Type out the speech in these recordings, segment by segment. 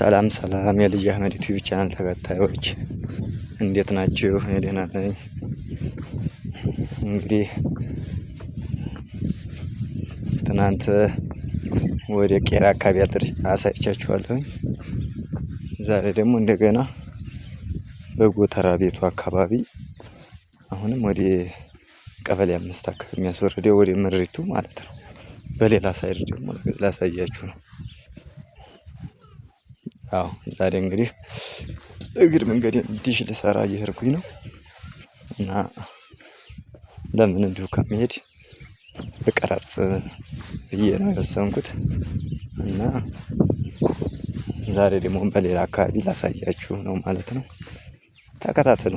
ሰላም ሰላም የልጅ አህመድ ዩቲዩብ ቻናል ተከታዮች እንዴት ናችሁ? እኔ ደህና ነኝ። እንግዲህ ትናንት ወደ ቄራ አካባቢ አድር አሳይቻችኋለሁኝ። ዛሬ ደግሞ እንደገና በጎተራ ቤቱ አካባቢ አሁንም ወደ ቀበሌ አምስት አካባቢ የሚያስወርደው ወደ ምሪቱ ማለት ነው። በሌላ ሳይድ ደግሞ ላሳያችሁ ነው። አዎ ዛሬ እንግዲህ እግር መንገድ ዲሽ ልሰራ እየሄድኩኝ ነው። እና ለምን እንዲሁ ከመሄድ ብቀረጽ ብዬ ነው የወሰንኩት። እና ዛሬ ደግሞ በሌላ አካባቢ ላሳያችሁ ነው ማለት ነው። ተከታተሉ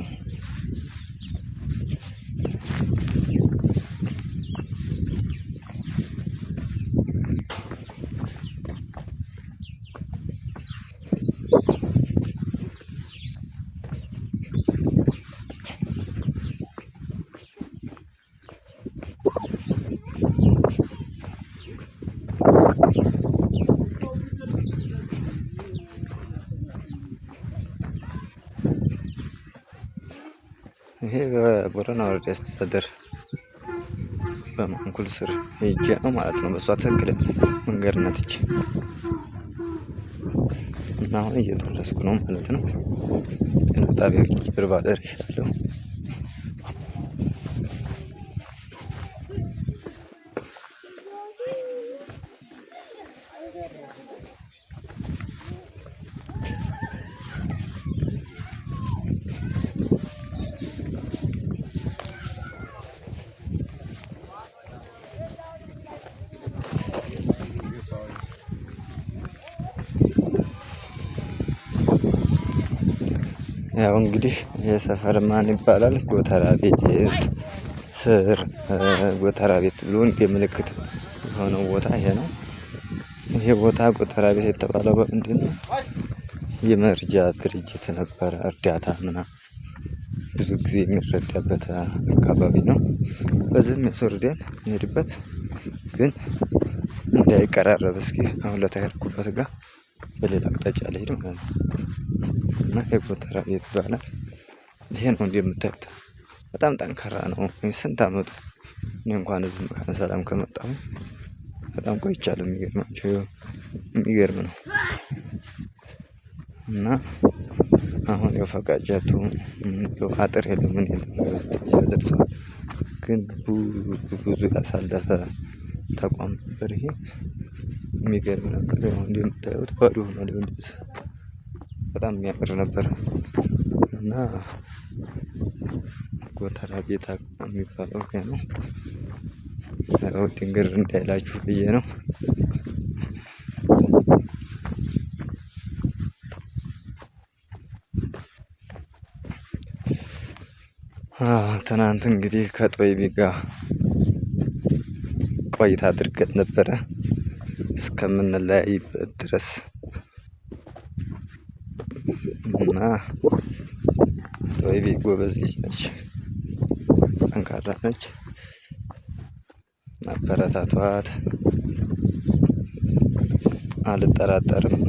ጎዳና ወረዳ አስተዳደር በማንኩል ስር ሄጄ ነው ማለት ነው። በእሷ ትክክለኛ መንገድ ነትች እና አሁን እየደረስኩ ነው ማለት ነው። ጤና ጣቢያ ጀርባ ደርሻለሁ። ያው እንግዲህ የሰፈር ማን ይባላል ጎተራ ቤት ስር ጎተራ ቤት ብሎ እንደ ምልክት የሆነው ቦታ ይሄ ነው። ይሄ ቦታ ጎተራ ቤት የተባለው በምንድነው? የመርጃ ድርጅት ነበረ እርዳታ ምና ብዙ ጊዜ የሚረዳበት አካባቢ ነው። በዚህም የሶርዲያን የሚሄድበት ግን እንዳይቀራረብ እስኪ አሁን ለታ ሄድኩበት ጋር በሌላ አቅጣጫ ልሄድ ማለት ነው። እና የጎተራ ቤት ይባላል። ይሄ ነው እንደምታዩት በጣም ጠንካራ ነው። ስንት አመቱ እኔ እንኳን እዚህ መካነ ሰላም ከመጣሁ በጣም ቆይቻለሁ። የሚገርማቸው የሚገርም ነው። እና አሁን ያው ፈቃጃቱ አጥር የለም ምን የለም ደርሰዋል። ግን ብዙ ያሳለፈ ተቋም ነበር። ይሄ የሚገርም ነበር። እንደምታዩት ባዶ ሆኗል። በጣም የሚያምር ነበር። እና ጎተራ ቤት የሚባለው ይሄ ነው። ያው ድንግር እንዳይላችሁ ብዬ ነው። ትናንት እንግዲህ ከጦይቢ ጋር ቆይታ አድርገን ነበረ እስከምንለያይበት ድረስ እና ቶይቤ ጎበዝ ልጅ ነች፣ ጠንካራ ነች። አበረታቷት፣ አልጠራጠርም።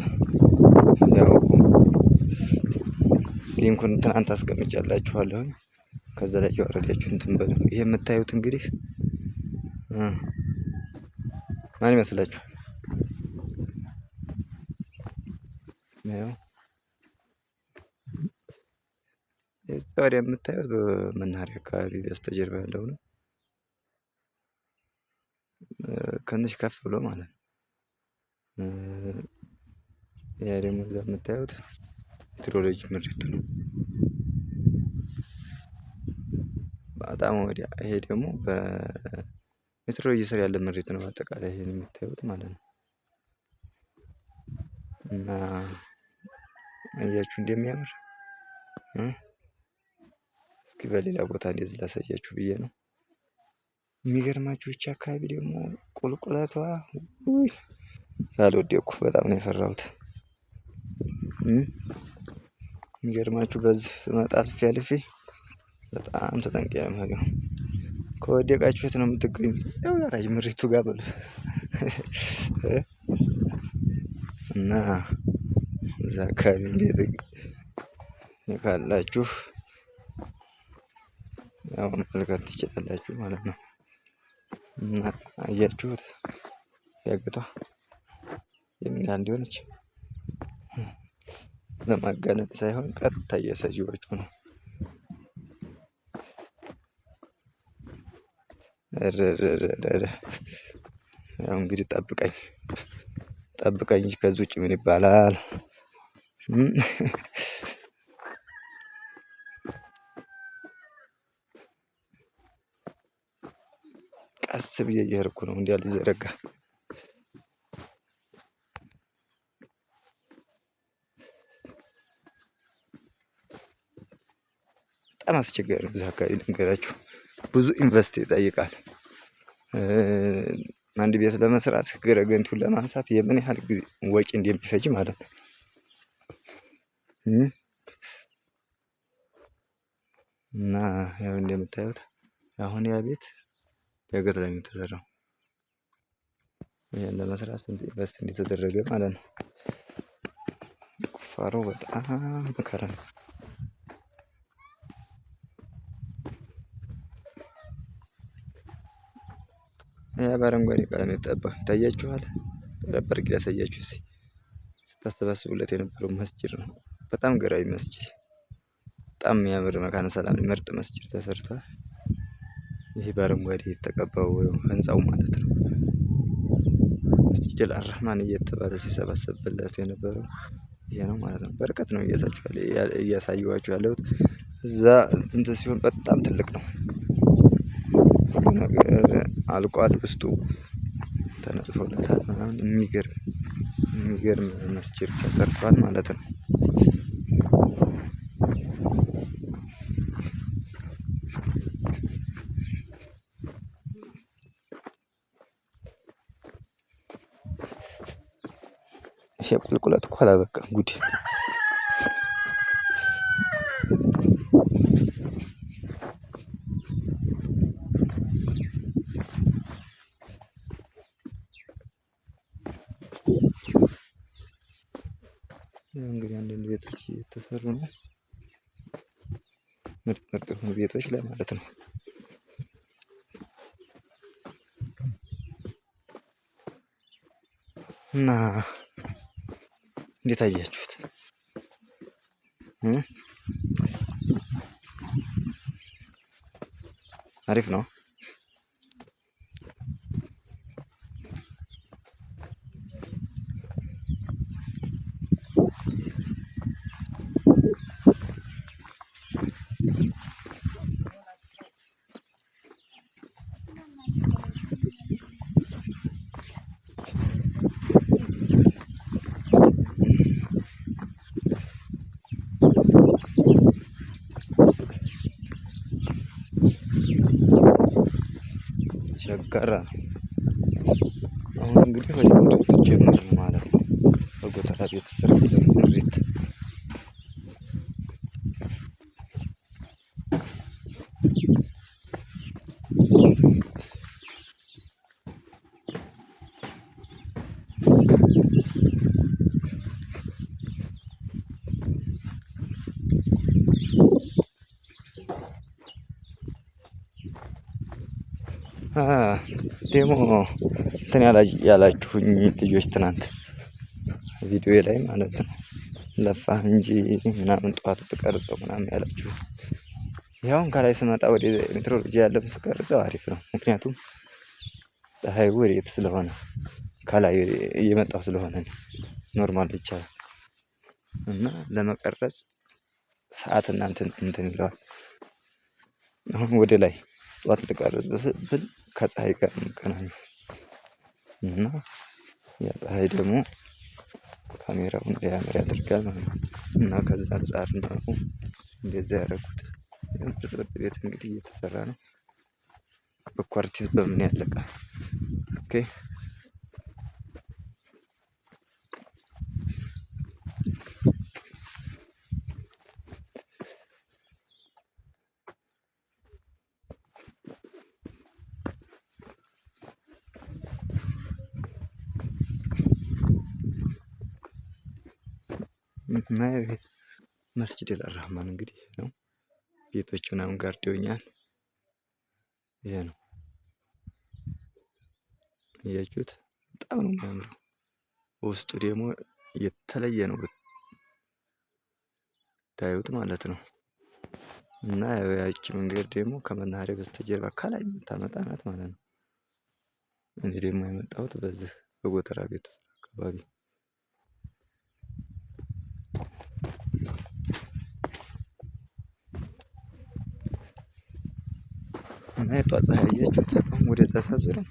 ያው ሊንኩን ትናንት አስቀምጫላችኋለሁ። ከዛ ላይ ያወረዳችሁ እንትን በሉ። ይሄ የምታዩት እንግዲህ ማን ይመስላችኋል? ከዚህ ወደ የምታዩት በመናኸሪያ አካባቢ በስተጀርባ ያለው ነው። ከንሽ ከፍ ብሎ ማለት ነው። ያ ደግሞ እዛ የምታዩት ሜትሮሎጂ ምሪቱ ነው። በጣም ወዲያ ይሄ ደግሞ በሜትሮሎጂ ስር ያለ ምሪት ነው። በአጠቃላይ ይሄን የምታዩት ማለት ነው። እና እያችሁ እንደሚያምር እስኪ በሌላ ቦታ እንደዚህ ላሳያችሁ ብዬ ነው። የሚገርማችሁ ይቺ አካባቢ ደግሞ ቁልቁለቷ ያልወደኩ በጣም ነው የፈራሁት። የሚገርማችሁ በዚህ ስመጣ አልፌ አልፌ በጣም ተጠንቀያ መሪው ከወደቃችሁት ነው የምትገኙት። ያው ታች ምሪቱ ጋር በሉት እና እዛ አካባቢ ቤት ካላችሁ አሁን መልካት ትችላላችሁ ማለት ነው። እና አያችሁት ያገቷ የምን ያህል እንዲሆነች ለማጋነን ሳይሆን ቀጥታ እያሳየኋችሁ ነው። ያው እንግዲህ ጠብቀኝ ጠብቀኝ፣ ከዚህ ውጭ ምን ይባላል? ቀስ ብዬ እየሄድኩ ነው እንዲያ አልዘረጋ። በጣም አስቸጋሪ ነው። እዚህ አካባቢ ልንገራችሁ፣ ብዙ ኢንቨስት ይጠይቃል። አንድ ቤት ለመስራት ገረገንቱን ለማንሳት የምን ያህል ጊዜ ወጪ እንደሚፈጅ ማለት ነው። እና ያው እንደምታዩት አሁን ያ ቤት ከገት ላይ የተሰራው ይህን ለመስራት ኢንቨስት እንደተደረገ ማለት ነው። ቁፋሮ በጣም መከራ ነው። ያ በአረንጓዴ ቀለም የተጠባ ይታያችኋል። ረበር ጊዜ ያሳያችሁ እስኪ ስታሰባስቡለት የነበረው መስጅድ ነው። በጣም ገራቢ መስጅድ፣ በጣም የሚያምር መካነ ሰላም ምርጥ መስጅድ ተሰርቷል። ይህ በአረንጓዴ የተቀባው ህንፃው ማለት ነው። መስጂድ አልራህማን እየተባለ ሲሰበሰብለት የነበረው ይሄ ነው ማለት ነው። በርቀት ነው እያሳየኋችሁ ያለሁት እዛ እንትን ሲሆን በጣም ትልቅ ነው። ሁሉ ነገር አልቋል። ውስጡ ተነጥፎለታል ምናምን የሚገርም የሚገርም መስጂድ ተሰርቷል ማለት ነው። ቁልቁለት እኮ በቃ ጉድ እንግዲህ አንዳንድ ቤቶች እየተሰሩ ነው። ምርጥ ምርጥ የሆኑ ቤቶች ላይ ማለት ነው። እና እንዴት አያችሁት? አሪፍ ነው። ሸጋራ ነው። አሁን እንግዲህ ወደ ምድር ማለት ነው። በጎተራ ቤት ስር ምሪት ደግሞ እንትን ያላችሁኝ ልጆች ትናንት ቪዲዮ ላይ ማለት ነው ለፋ እንጂ ምናምን ጠዋት ብትቀርጸው ምናምን ያላችሁ ያውን ከላይ ስመጣ ወደ ሜትሮሎጂ ያለ ስቀርጸው አሪፍ ነው። ምክንያቱም ፀሐይ ወዴት ስለሆነ ከላይ እየመጣው ስለሆነ ኖርማል ብቻ እና ለመቀረጽ ሰዓት እናንትን እንትን ይለዋል። አሁን ወደ ላይ ጠዋት ልቀርጽ ከፀሀይ ጋር የምገናኘው እና ያ ፀሐይ ደግሞ ካሜራውን እንዲያምር ያደርጋል ማለት ነው። እና ከዛ አንፃር ነው እንደዛ ያደረኩት ፍርጥርጥ ቤት እንግዲህ እየተሰራ ነው። በኳርቲዝ በምን ያለቃል? ኦኬ መስጅድ አልራህማን እንግዲህ ነው። ቤቶች ምናምን ጋርደውኛል። ይሄ ነው እያችሁት፣ በጣም ነው የሚያምረው። ውስጡ ደግሞ የተለየ ነው ታዩት ማለት ነው። እና ያቺ መንገድ ደግሞ ከመናኸሪያ በስተጀርባ ከላይ የምታመጣ ናት ማለት ነው። እኔ ደግሞ የመጣሁት በዚህ በጎተራ ቤቱ አካባቢ እና የጧት ፀሀይ አያችሁት? አሁን ወደዛ ሳዞረው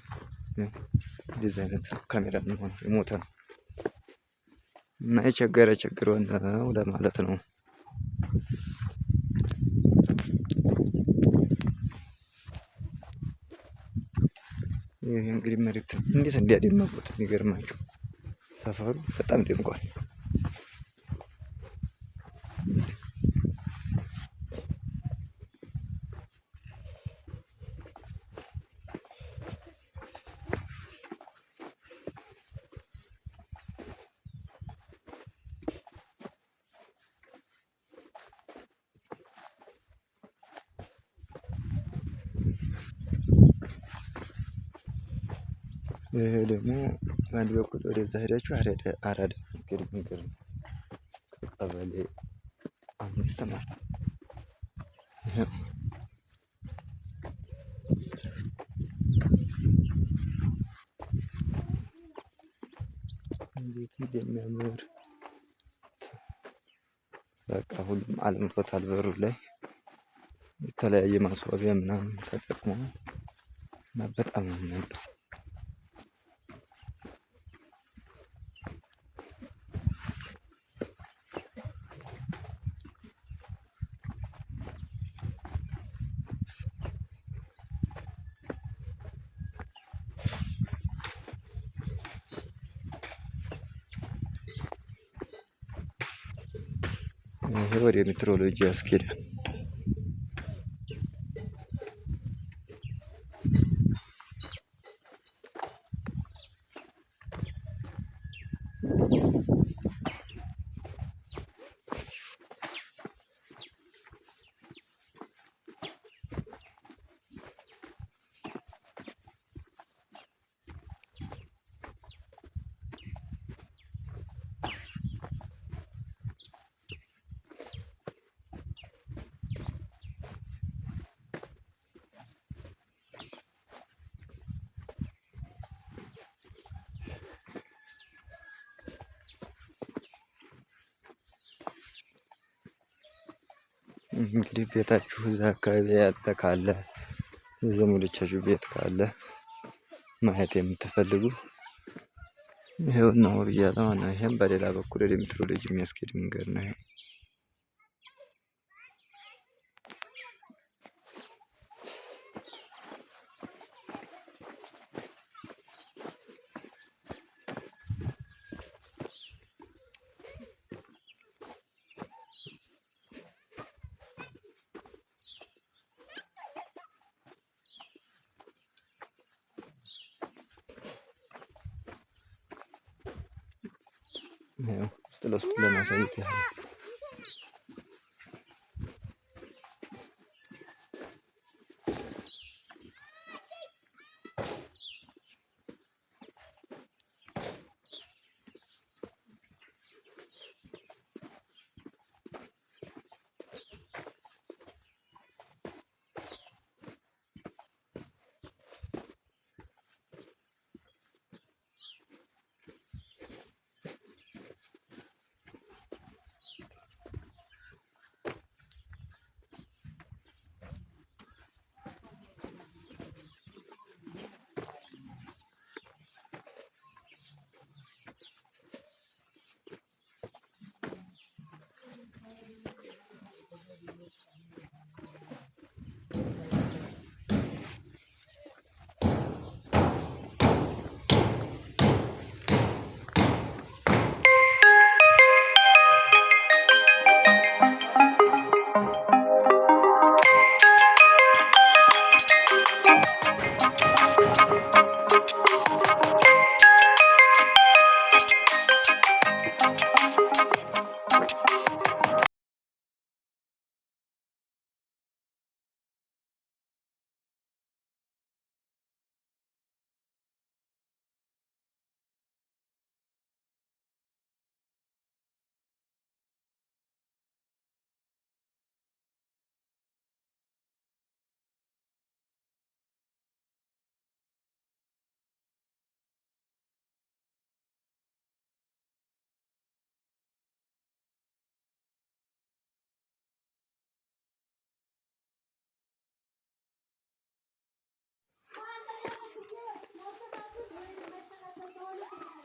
እንደዚህ አይነት ካሜራ የሚሆን የሞተ ነው እና የቸገረ ችግሮን ነው ለማለት ነው። ይህ እንግዲህ መሬት እንዴት እንዲያደመቁት የሚገርማችሁ ሰፈሩ በጣም ደምቋል። ደግሞ በአንድ በኩል ወደዛ ሄዳችሁ አራዳ መንገድ ነው ቀበሌ አምስት ማለት እንዴት እንደሚያምር በቃ ሁሉም አልምቶታል። በሩ ላይ የተለያየ ማስዋቢያ ምናምን ተጠቅሞ እና በጣም ነው የሚያምረው። Говорили троллю дядь Киря. እንግዲህ ቤታችሁ እዛ አካባቢ ያለ ካለ የዘመዶቻችሁ ቤት ካለ ማየት የምትፈልጉ ይሄው ነው ብያለሁ። ይሄም በሌላ በኩል ወደ ሜትሮሎጂ የሚያስኬድ መንገድ ነው። Neo, usted los problemas ahí que hay. Thank you. Oh, yeah.